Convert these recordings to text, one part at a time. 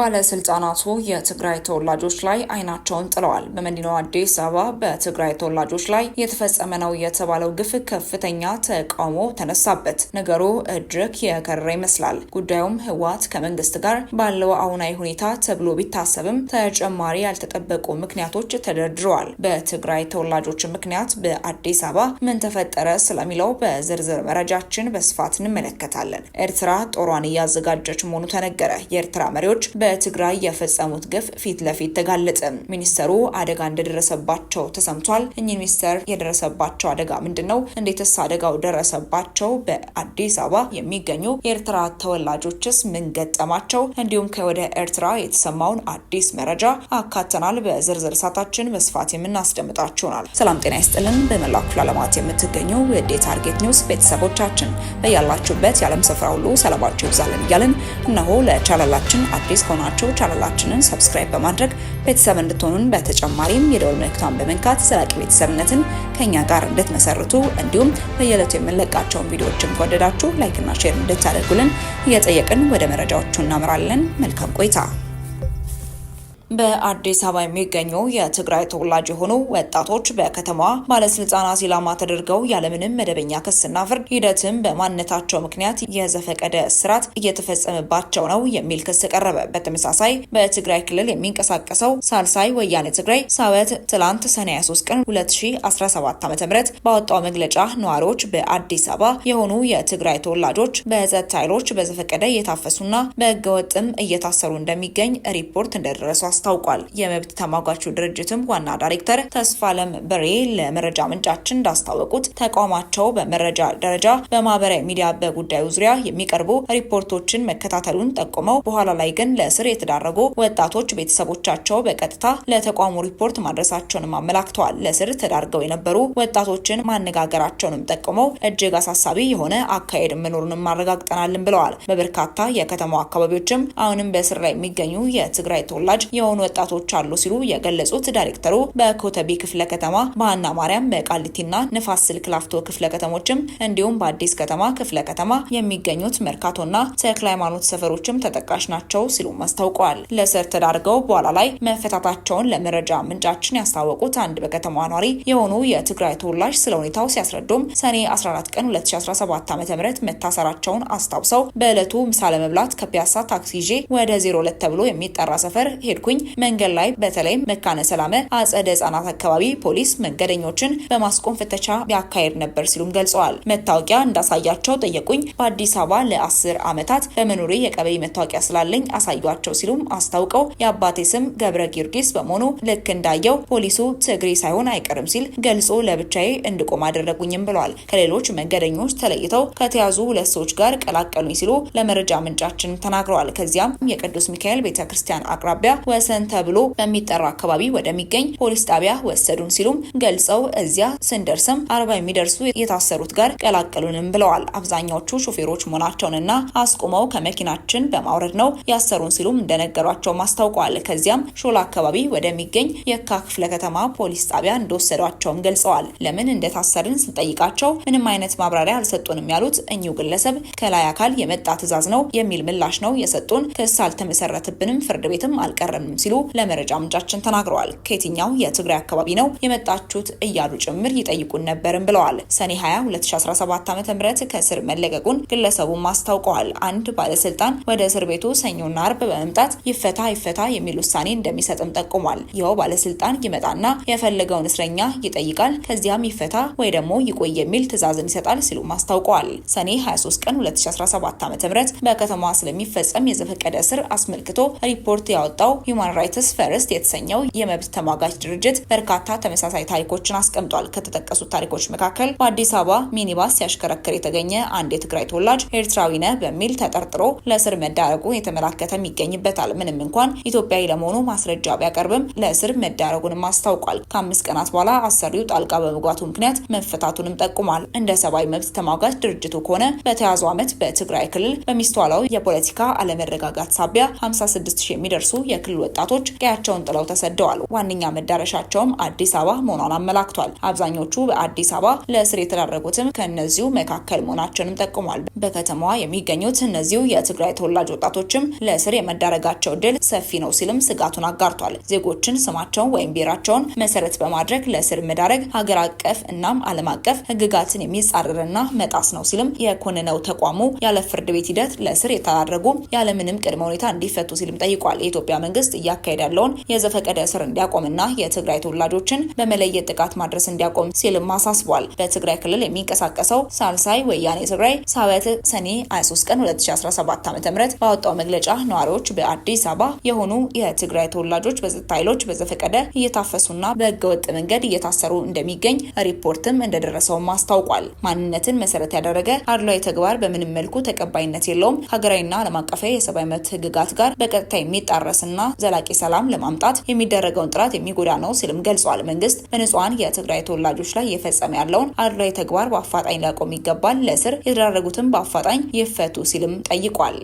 ባለስልጣናቱ የትግራይ ተወላጆች ላይ አይናቸውን ጥለዋል። በመዲናው አዲስ አበባ በትግራይ ተወላጆች ላይ የተፈጸመ ነው የተባለው ግፍ ከፍተኛ ተቃውሞ ተነሳበት። ነገሩ እጅግ የከረረ ይመስላል። ጉዳዩም ህወሓት ከመንግስት ጋር ባለው አሁናዊ ሁኔታ ተብሎ ቢታሰብም ተጨማሪ ያልተጠበቁ ምክንያቶች ተደርድረዋል። በትግራይ ተወላጆች ምክንያት በአዲስ አበባ ምን ተፈጠረ ስለሚለው በዝርዝር መረጃችን በስፋት እንመለከታለን። ኤርትራ ጦሯን እያዘጋጀች መሆኑ ተነገረ። የኤርትራ መሪዎች በ በትግራይ የፈጸሙት ግፍ ፊት ለፊት ተጋለጸ። ሚኒስተሩ አደጋ እንደደረሰባቸው ተሰምቷል። እኚህ ሚኒስተር የደረሰባቸው አደጋ ምንድን ነው? እንዴትስ አደጋው ደረሰባቸው? በአዲስ አበባ የሚገኙ የኤርትራ ተወላጆችስ ምን ገጠማቸው? እንዲሁም ከወደ ኤርትራ የተሰማውን አዲስ መረጃ አካተናል። በዝርዝር ሰዓታችን በስፋት የምናስደምጣችሁናል። ሰላም ጤና ይስጥልን። በመላው ክፍለ ዓለማት የምትገኙ የዴ ታርጌት ኒውስ ቤተሰቦቻችን በያላችሁበት የዓለም ስፍራ ሁሉ ሰላማችሁ ይብዛልን እያልን እነሆ ለቻናላችን አዲስ ከሆናችሁ ቻናላችንን ሰብስክራይብ በማድረግ ቤተሰብ እንድትሆኑን፣ በተጨማሪም የደወል ምልክቷን በመንካት ዘላቂ ቤተሰብነትን ከኛ ጋር እንድትመሰርቱ እንዲሁም በየዕለቱ የምንለቃቸውን ቪዲዮዎችን ከወደዳችሁ ላይክና ሼር እንድታደርጉልን እየጠየቅን ወደ መረጃዎቹ እናምራለን። መልካም ቆይታ በአዲስ አበባ የሚገኙ የትግራይ ተወላጅ የሆኑ ወጣቶች በከተማዋ ባለስልጣናት ኢላማ ተደርገው ያለምንም መደበኛ ክስና ፍርድ ሂደትም በማንነታቸው ምክንያት የዘፈቀደ እስራት እየተፈጸመባቸው ነው የሚል ክስ ቀረበ። በተመሳሳይ በትግራይ ክልል የሚንቀሳቀሰው ሳልሳይ ወያኔ ትግራይ ሳበት ትላንት ሰኔ 23 ቀን 2017 ዓ.ም ባወጣው መግለጫ ነዋሪዎች በአዲስ አበባ የሆኑ የትግራይ ተወላጆች በጸጥታ ኃይሎች በዘፈቀደ እየታፈሱና በህገወጥም እየታሰሩ እንደሚገኝ ሪፖርት እንደደረሱ አስታውቋል። የመብት ተሟጋቹ ድርጅትም ዋና ዳይሬክተር ተስፋለም በሬ ለመረጃ ምንጫችን እንዳስታወቁት ተቋማቸው በመረጃ ደረጃ በማህበራዊ ሚዲያ በጉዳዩ ዙሪያ የሚቀርቡ ሪፖርቶችን መከታተሉን ጠቁመው በኋላ ላይ ግን ለእስር የተዳረጉ ወጣቶች ቤተሰቦቻቸው በቀጥታ ለተቋሙ ሪፖርት ማድረሳቸውንም አመላክተዋል። ለእስር ተዳርገው የነበሩ ወጣቶችን ማነጋገራቸውንም ጠቁመው እጅግ አሳሳቢ የሆነ አካሄድ መኖሩንም አረጋግጠናልን ብለዋል። በበርካታ የከተማው አካባቢዎችም አሁንም በእስር ላይ የሚገኙ የትግራይ ተወላጅ የሆኑ የሆኑ ወጣቶች አሉ ሲሉ የገለጹት ዳይሬክተሩ በኮተቤ ክፍለ ከተማ በሀና ማርያም፣ በቃሊቲና ንፋስ ስልክ ላፍቶ ክፍለ ከተሞችም እንዲሁም በአዲስ ከተማ ክፍለ ከተማ የሚገኙት መርካቶና ተክለ ሃይማኖት ሰፈሮችም ተጠቃሽ ናቸው ሲሉ አስታውቀዋል። ለእስር ተዳርገው በኋላ ላይ መፈታታቸውን ለመረጃ ምንጫችን ያስታወቁት አንድ በከተማ ኗሪ የሆኑ የትግራይ ተወላጅ ስለ ሁኔታው ሲያስረዱም ሰኔ 14 ቀን 2017 ዓ.ም መታሰራቸውን አስታውሰው በዕለቱ ምሳ ለመብላት ከፒያሳ ታክሲ ይዤ ወደ 02 ተብሎ የሚጠራ ሰፈር ሄድኩኝ። መንገድ ላይ በተለይም መካነ ሰላመ አጸደ ህጻናት አካባቢ ፖሊስ መንገደኞችን በማስቆም ፍተሻ ያካሄድ ነበር ሲሉም ገልጸዋል። መታወቂያ እንዳሳያቸው ጠየቁኝ። በአዲስ አበባ ለአስር ዓመታት በመኖሬ የቀበሌ መታወቂያ ስላለኝ አሳዩቸው ሲሉም አስታውቀው የአባቴ ስም ገብረ ጊዮርጊስ በመሆኑ ልክ እንዳየው ፖሊሱ ትግሬ ሳይሆን አይቀርም ሲል ገልጾ ለብቻዬ እንድቆም አደረጉኝም ብሏል። ከሌሎች መንገደኞች ተለይተው ከተያዙ ሁለት ሰዎች ጋር ቀላቀሉኝ ሲሉ ለመረጃ ምንጫችን ተናግረዋል። ከዚያም የቅዱስ ሚካኤል ቤተ ክርስቲያን አቅራቢያ ወሰ ጃክሰን ተብሎ በሚጠራ አካባቢ ወደሚገኝ ፖሊስ ጣቢያ ወሰዱን ሲሉም ገልጸው እዚያ ስንደርስም አርባ የሚደርሱ የታሰሩት ጋር ቀላቀሉንም ብለዋል። አብዛኛዎቹ ሾፌሮች መሆናቸውንና አስቁመው ከመኪናችን በማውረድ ነው ያሰሩን ሲሉም እንደነገሯቸው አስታውቀዋል። ከዚያም ሾላ አካባቢ ወደሚገኝ የካ ክፍለ ከተማ ፖሊስ ጣቢያ እንደወሰዷቸውም ገልጸዋል። ለምን እንደታሰርን ስንጠይቃቸው ምንም አይነት ማብራሪያ አልሰጡንም ያሉት እኚሁ ግለሰብ ከላይ አካል የመጣ ትዕዛዝ ነው የሚል ምላሽ ነው የሰጡን። ክስ አልተመሰረተብንም ፍርድ ቤትም አልቀረብንም ሲሉ ለመረጃ ምንጫችን ተናግረዋል። ከየትኛው የትግራይ አካባቢ ነው የመጣችሁት እያሉ ጭምር ይጠይቁን ነበርም ብለዋል። ሰኔ 20 2017 ዓ.ም ከእስር መለቀቁን ግለሰቡም አስታውቀዋል። አንድ ባለስልጣን ወደ እስር ቤቱ ሰኞና አርብ በመምጣት ይፈታ ይፈታ የሚል ውሳኔ እንደሚሰጥም ጠቁሟል። ይኸው ባለስልጣን ይመጣና የፈለገውን እስረኛ ይጠይቃል። ከዚያም ይፈታ ወይ ደግሞ ይቆይ የሚል ትዕዛዝን ይሰጣል ሲሉም አስታውቀዋል። ሰኔ 23 ቀን 2017 ዓ.ም በከተማዋ ስለሚፈጸም የዘፈቀደ እስር አስመልክቶ ሪፖርት ያወጣው ሁማን ራይትስ ፈርስት የተሰኘው የመብት ተሟጋች ድርጅት በርካታ ተመሳሳይ ታሪኮችን አስቀምጧል። ከተጠቀሱት ታሪኮች መካከል በአዲስ አበባ ሚኒባስ ሲያሽከረክር የተገኘ አንድ የትግራይ ተወላጅ ኤርትራዊ ነህ በሚል ተጠርጥሮ ለእስር መዳረጉ የተመላከተም ይገኝበታል። ምንም እንኳን ኢትዮጵያዊ ለመሆኑ ማስረጃ ቢያቀርብም ለእስር መዳረጉንም አስታውቋል። ከአምስት ቀናት በኋላ አሰሪው ጣልቃ በመግባቱ ምክንያት መፈታቱንም ጠቁሟል። እንደ ሰብአዊ መብት ተሟጋች ድርጅቱ ከሆነ በተያዙ ዓመት በትግራይ ክልል በሚስተዋለው የፖለቲካ አለመረጋጋት ሳቢያ 56 ሺህ የሚደርሱ የክልል ወጣቶች ቀያቸውን ጥለው ተሰደዋል። ዋነኛ መዳረሻቸውም አዲስ አበባ መሆኗን አመላክቷል። አብዛኞቹ በአዲስ አበባ ለእስር የተዳረጉትም ከእነዚሁ መካከል መሆናቸውንም ጠቁሟል። በከተማዋ የሚገኙት እነዚሁ የትግራይ ተወላጅ ወጣቶችም ለእስር የመዳረጋቸው ድል ሰፊ ነው ሲልም ስጋቱን አጋርቷል። ዜጎችን ስማቸውን ወይም ብሔራቸውን መሰረት በማድረግ ለእስር መዳረግ ሀገር አቀፍ እናም ዓለም አቀፍ ህግጋትን የሚጻረርና መጣስ ነው ሲልም የኮንነው ተቋሙ ያለ ፍርድ ቤት ሂደት ለእስር የተዳረጉ ያለምንም ቅድመ ሁኔታ እንዲፈቱ ሲልም ጠይቋል። የኢትዮጵያ መንግስት እያካሄደ ያለውን የዘፈቀደ እስር እንዲያቆምና የትግራይ ተወላጆችን በመለየት ጥቃት ማድረስ እንዲያቆም ሲልም አሳስቧል። በትግራይ ክልል የሚንቀሳቀሰው ሳልሳይ ወያኔ ትግራይ ሳበት ሰኔ 23 ቀን 2017 ዓ.ም ባወጣው መግለጫ ነዋሪዎች በአዲስ አበባ የሆኑ የትግራይ ተወላጆች በጸጥታ ኃይሎች በዘፈቀደ እየታፈሱና በህገወጥ መንገድ እየታሰሩ እንደሚገኝ ሪፖርትም እንደደረሰውም አስታውቋል። ማንነትን መሰረት ያደረገ አድሏዊ ተግባር በምንም መልኩ ተቀባይነት የለውም፣ ሀገራዊና ዓለም አቀፋዊ የሰብአዊ መብት ህግጋት ጋር በቀጥታ የሚጣረስና ዘላቂ ሰላም ለማምጣት የሚደረገውን ጥረት የሚጎዳ ነው ሲልም ገልጿል። መንግስት በንጹሐን የትግራይ ተወላጆች ላይ የፈጸመ ያለውን አድሏዊ ተግባር በአፋጣኝ ሊያቆም ይገባል፣ ለእስር የተዳረጉትም በአፋጣኝ ይፈቱ ሲልም ጠይቋል።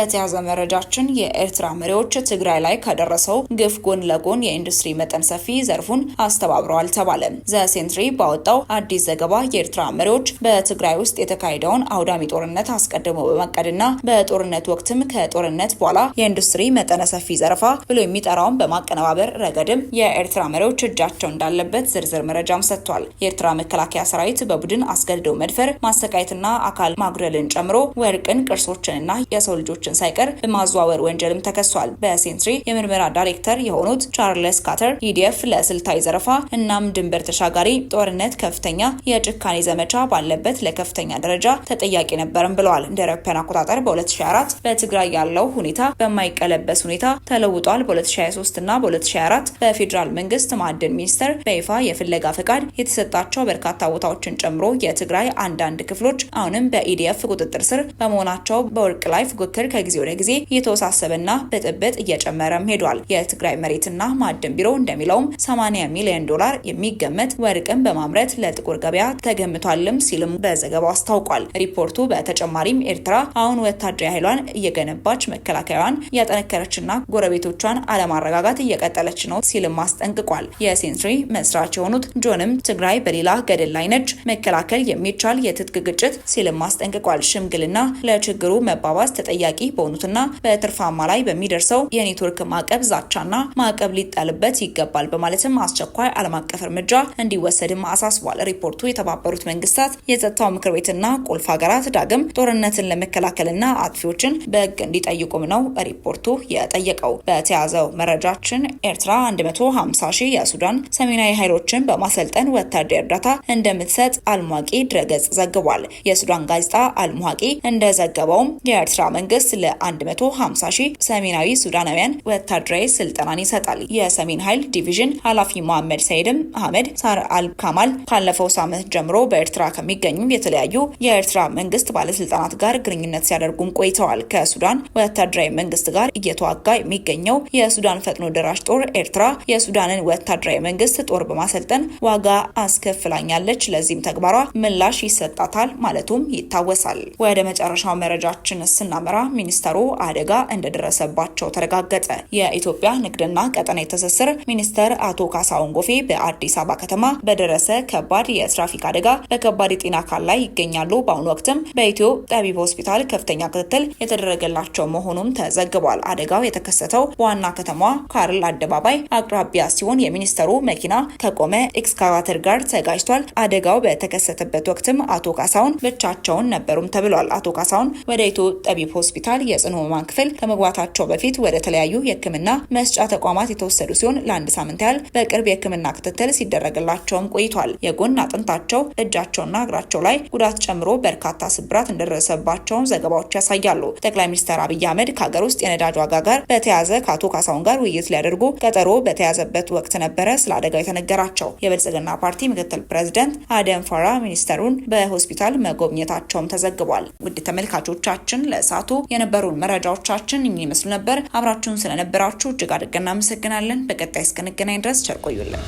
በተያዘ መረጃችን የኤርትራ መሪዎች ትግራይ ላይ ከደረሰው ግፍ ጎን ለጎን የኢንዱስትሪ መጠን ሰፊ ዘርፉን አስተባብረዋል ተባለ። ዘሴንትሪ ባወጣው አዲስ ዘገባ የኤርትራ መሪዎች በትግራይ ውስጥ የተካሄደውን አውዳሚ ጦርነት አስቀድሞ በመቀድና በጦርነት ወቅትም ከጦርነት በኋላ የኢንዱስትሪ መጠነ ሰፊ ዘርፋ ብሎ የሚጠራውን በማቀነባበር ረገድም የኤርትራ መሪዎች እጃቸው እንዳለበት ዝርዝር መረጃም ሰጥቷል። የኤርትራ መከላከያ ሰራዊት በቡድን አስገድደው መድፈር፣ ማሰቃየትና አካል ማጉደልን ጨምሮ ወርቅን፣ ቅርሶችንና የሰው ልጆችን መሳሪያዎችን ሳይቀር በማዘዋወር ወንጀልም ተከሷል። በሴንትሪ የምርመራ ዳይሬክተር የሆኑት ቻርለስ ካተር ኢዲኤፍ ለስልታዊ ዘረፋ እናም ድንበር ተሻጋሪ ጦርነት ከፍተኛ የጭካኔ ዘመቻ ባለበት ለከፍተኛ ደረጃ ተጠያቂ ነበርም ብለዋል። እንደ አውሮፓውያን አቆጣጠር በ2024 በትግራይ ያለው ሁኔታ በማይቀለበስ ሁኔታ ተለውጧል። በ2023 እና በ2024 በፌዴራል መንግስት ማዕድን ሚኒስቴር በይፋ የፍለጋ ፈቃድ የተሰጣቸው በርካታ ቦታዎችን ጨምሮ የትግራይ አንዳንድ ክፍሎች አሁንም በኢዲኤፍ ቁጥጥር ስር በመሆናቸው በወርቅ ላይ ፉክክር ከጊዜ ወደ ጊዜ እየተወሳሰበና ብጥብጥ እየጨመረም ሄዷል። የትግራይ መሬትና ማዕድን ቢሮ እንደሚለውም 80 ሚሊዮን ዶላር የሚገመት ወርቅን በማምረት ለጥቁር ገበያ ተገምቷልም ሲልም በዘገባው አስታውቋል። ሪፖርቱ በተጨማሪም ኤርትራ አሁን ወታደራዊ ኃይሏን እየገነባች መከላከያዋን እያጠነከረችና ጎረቤቶቿን አለማረጋጋት እየቀጠለች ነው ሲልም አስጠንቅቋል። የሴንትሪ መስራች የሆኑት ጆንም ትግራይ በሌላ ገደል ላይ ነች፣ መከላከል የሚቻል የትጥቅ ግጭት ሲልም አስጠንቅቋል። ሽምግልና ለችግሩ መባባስ ተጠያቂ ተጠቂ በሆኑትና በትርፋማ ላይ በሚደርሰው የኔትወርክ ማዕቀብ ዛቻና ማዕቀብ ሊጣልበት ይገባል በማለትም አስቸኳይ ዓለም አቀፍ እርምጃ እንዲወሰድም አሳስቧል። ሪፖርቱ የተባበሩት መንግስታት የጸጥታው ምክር ቤትና ቁልፍ ሀገራት ዳግም ጦርነትን ለመከላከልና አጥፊዎችን በህግ እንዲጠይቁም ነው ሪፖርቱ የጠየቀው። በተያዘው መረጃችን ኤርትራ 150 ሺህ የሱዳን ሰሜናዊ ኃይሎችን በማሰልጠን ወታደራዊ እርዳታ እንደምትሰጥ አልሟቂ ድረገጽ ዘግቧል። የሱዳን ጋዜጣ አልሟቂ እንደዘገበውም የኤርትራ መንግስት ስለ 150 ሺህ ሰሜናዊ ሱዳናውያን ወታደራዊ ስልጠናን ይሰጣል። የሰሜን ኃይል ዲቪዥን ኃላፊ መሐመድ ሰይድም አህመድ ሳር አል ካማል ካለፈው ሳምንት ጀምሮ በኤርትራ ከሚገኙ የተለያዩ የኤርትራ መንግስት ባለስልጣናት ጋር ግንኙነት ሲያደርጉም ቆይተዋል። ከሱዳን ወታደራዊ መንግስት ጋር እየተዋጋ የሚገኘው የሱዳን ፈጥኖ ደራሽ ጦር ኤርትራ የሱዳንን ወታደራዊ መንግስት ጦር በማሰልጠን ዋጋ አስከፍላኛለች፣ ለዚህም ተግባሯ ምላሽ ይሰጣታል ማለቱም ይታወሳል። ወደ መጨረሻው መረጃችን ስናመራ ሚኒስተሩ አደጋ እንደደረሰባቸው ተረጋገጠ። የኢትዮጵያ ንግድና ቀጠና ትስስር ሚኒስተር አቶ ካሳሁን ጎፌ በአዲስ አበባ ከተማ በደረሰ ከባድ የትራፊክ አደጋ በከባድ የጤና አካል ላይ ይገኛሉ። በአሁኑ ወቅትም በኢትዮ ጠቢብ ሆስፒታል ከፍተኛ ክትትል የተደረገላቸው መሆኑም ተዘግቧል። አደጋው የተከሰተው በዋና ከተማዋ ካርል አደባባይ አቅራቢያ ሲሆን የሚኒስተሩ መኪና ከቆመ ኤክስካቫተር ጋር ተጋጅቷል። አደጋው በተከሰተበት ወቅትም አቶ ካሳሁን ብቻቸውን ነበሩም ተብሏል። አቶ ካሳሁን ወደ ኢትዮ ጠቢብ ሆስፒታል ሆስፒታል የጽኑ ህሙማን ክፍል ከመግባታቸው በፊት ወደ ተለያዩ የህክምና መስጫ ተቋማት የተወሰዱ ሲሆን ለአንድ ሳምንት ያህል በቅርብ የህክምና ክትትል ሲደረግላቸውም ቆይቷል። የጎን አጥንታቸው፣ እጃቸውና እግራቸው ላይ ጉዳት ጨምሮ በርካታ ስብራት እንደደረሰባቸውም ዘገባዎች ያሳያሉ። ጠቅላይ ሚኒስትር አብይ አህመድ ከሀገር ውስጥ የነዳጅ ዋጋ ጋር በተያያዘ ከአቶ ካሳሁን ጋር ውይይት ሊያደርጉ ቀጠሮ በተያዘበት ወቅት ነበረ ስለ አደጋው የተነገራቸው። የብልጽግና ፓርቲ ምክትል ፕሬዚደንት አደም ፋራ ሚኒስተሩን በሆስፒታል መጎብኘታቸውም ተዘግቧል። ውድ ተመልካቾቻችን ለእሳቱ የነበሩን መረጃዎቻችን እኚህ ይመስሉ ነበር። አብራችሁን ስለነበራችሁ እጅግ አድርገን እናመሰግናለን። በቀጣይ እስክንገናኝ ድረስ ቸር ቆዩልን።